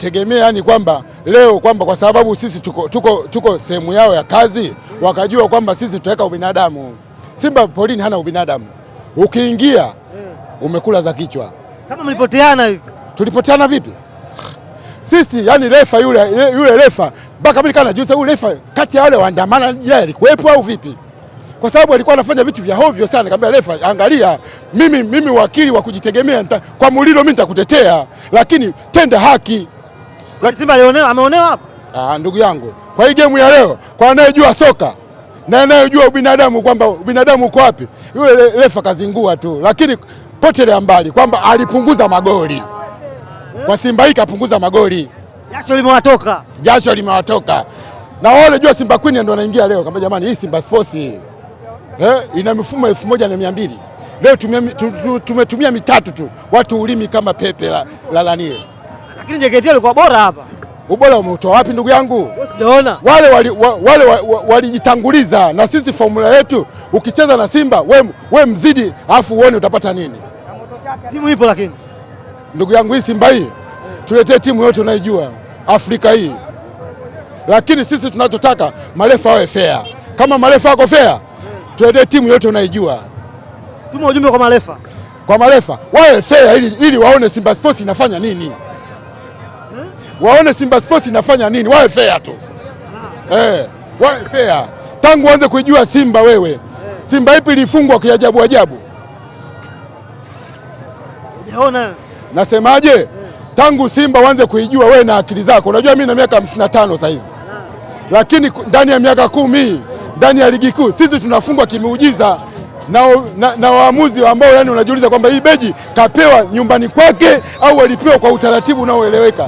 Tegemea yani kwamba leo kwamba kwa sababu sisi tuko, tuko, tuko sehemu yao ya kazi, wakajua kwamba sisi tutaweka ubinadamu. Simba polini hana ubinadamu, ukiingia hmm. umekula za kichwa. Kama mlipoteana hivi, tulipoteana vipi sisi? Yani refa yule, yule refa mpaka mimi kana najiuliza yule refa kati ya wale waandamana, je, alikuwepo au vipi? Kwa sababu alikuwa anafanya vitu vya hovyo sana. Nikamwambia refa, angalia, mimi, mimi wakili wa kujitegemea, kwa Mulilo mimi nitakutetea, lakini tenda haki Simba alionewa, ameonewa hapa. Ah, ndugu yangu, kwa hii gemu ya leo, kwa anayejua soka na anayejua ubinadamu kwamba ubinadamu uko wapi, yule refa kazingua tu, lakini potelea mbali kwamba alipunguza magoli kwa Simba hii, kapunguza magoli, jasho limewatoka, jasho limewatoka na wao wanajua Simba Queen ndio anaingia leo kama jamani, hii Simba Sports eh, ina mifumo elfu moja na mia mbili leo tumetumia mitatu tu, watu ulimi kama pepe la, la lanie lakini JKT alikuwa bora hapa. Ubora umeutoa wapi ndugu yangu? Sijaona. Wale walijitanguliza wale, wali na sisi formula yetu ukicheza na Simba we, we mzidi alafu uone utapata nini. Timu ipo lakini. Ndugu yangu hii Simba hii tuletee timu yote unaijua Afrika hii, lakini sisi tunachotaka marefa awe fair. Kama marefa wako fair, tuletee timu yote unaijua. Tuma ujumbe kwa marefa, kwa marefa wawe fair ili, ili waone Simba Sports inafanya nini waone Simba Sports inafanya nini, wawe fair tu ah. eh, wawe fair tangu anze kuijua Simba. Wewe Simba ipi ilifungwa kiajabu ajabu? Unaona nasemaje? Eh. Tangu Simba wanze kuijua, wewe na akili zako unajua, mimi na miaka 55 sasa hivi, ah. lakini ndani ya miaka kumi ndani ya ligi kuu sisi tunafungwa kimeujiza na, na, na waamuzi ambao yani unajiuliza kwamba hii beji kapewa nyumbani kwake au walipewa kwa utaratibu unaoeleweka.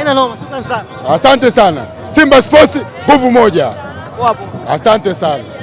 Haina noma, shukrani sana. Asante sana. Simba Sports nguvu moja. Wapo. Asante sana.